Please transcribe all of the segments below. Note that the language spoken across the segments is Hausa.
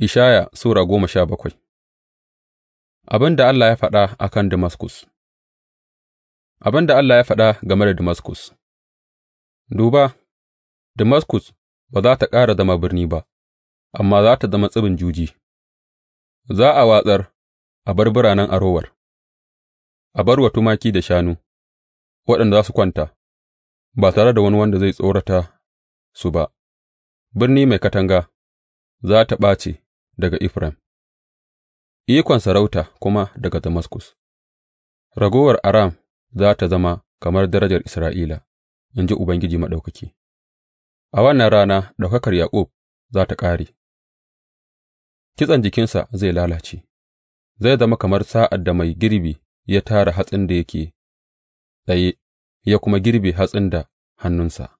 Ishaya Sura goma sha bakwai Abin da Allah ya faɗa a kan Damaskus Abin da Allah ya faɗa game da Damaskus Duba, Damaskus ba za ta ƙara zama birni ba, amma za ta zama tsibin juji, za a watsar a bar biranen arowar, a bar wa tumaki da shanu, waɗanda za su kwanta, ba tare da wani wanda zai tsorata su ba, birni mai katanga za ta ɓace. daga Efraim, ikon sarauta kuma daga Damaskus, ragowar Aram za ta zama kamar darajar Isra'ila, in ji Ubangiji Maɗaukaki, a wannan rana ɗaukakar Yaƙub za ta ƙare, kitsen jikinsa zai lalace, zai zama kamar sa'ad da mai girbi ya tara hatsin da yake tsaye, ya kuma girbe hatsin da hannunsa,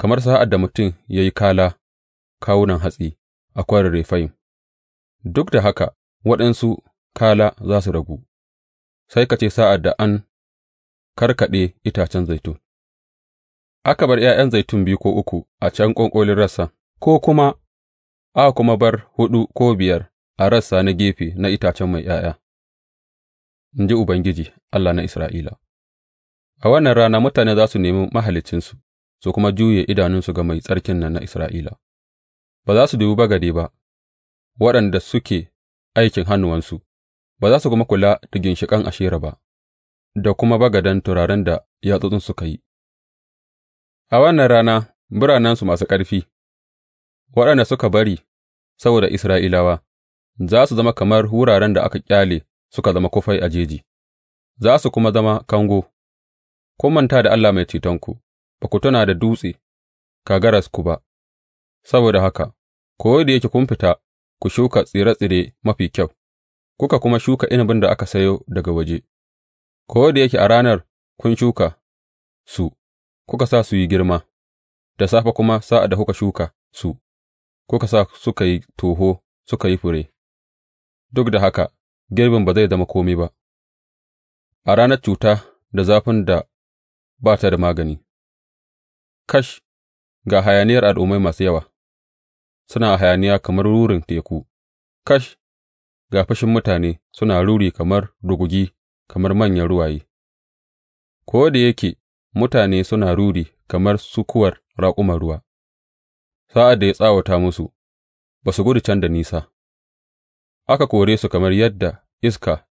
kamar sa'ad da mutum ya yi kala kawunan hatsi a kwarin Refayim. duk da haka waɗansu kala za su ragu, sai ka ce sa'ad da an karkaɗe itacen zaitun, aka bar ’ya'yan zaitun biyu ko uku a can ƙwanƙolin rassa, ko kuma aka kuma bar huɗu ko biyar a rassa na gefe na itacen mai ’ya'ya, in ji Ubangiji Allah na Isra'ila. A wannan rana mutane za su nemi Mahaliccinsu su kuma juye idanunsu ga Mai Tsarkin nan na Isra'ila, ba za su dubi bagade ba. waɗanda suke aikin hannuwansu, ba za su kuma kula da ginshiƙan Ashera ba, da kuma bagadan turaren da yatsotsin suka yi. A wannan rana biranensu masu ƙarfi, waɗanda suka bari saboda Isra'ilawa, za su zama kamar wuraren da aka ƙyale suka zama kufai a jeji, za su kuma zama kango, kun manta da Allah mai cetonku, ba ku tuna da dutse, ku ba, saboda haka, ko da yake kun fita ku shuka tsire tsire mafi kyau, kuka kuma shuka inabin da aka sayo daga waje, ko da yake a ranar kun shuka su, kuka sa su yi girma, da safe kuma sa'ad da kuka shuka su, kuka sa suka yi toho suka yi fure, duk da haka girbin ba zai zama kome ba, a ranar cuta da zafin da ba ta da magani. Kash, ga hayaniyar al'ummai masu yawa. suna hayaniya kamar rurin teku, kash, ga fushin mutane suna ruri kamar rugugi, kamar manyan ruwaye, ko da yake mutane suna ruri kamar sukuwar raƙuman ruwa, sa'ad da ya tsawata musu, ba su gudu can da nisa, aka kore su kamar yadda iska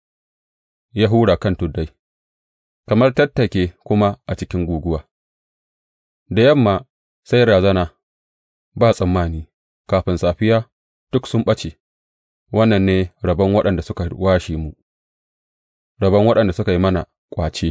ya hura kan tuddai, kamar tattake kuma a cikin guguwa. Da yamma sai razana ba tsammani. Kafin safiya duk sun ɓace, wannan ne rabon waɗanda suka washe mu, rabon waɗanda suka yi mana ƙwace.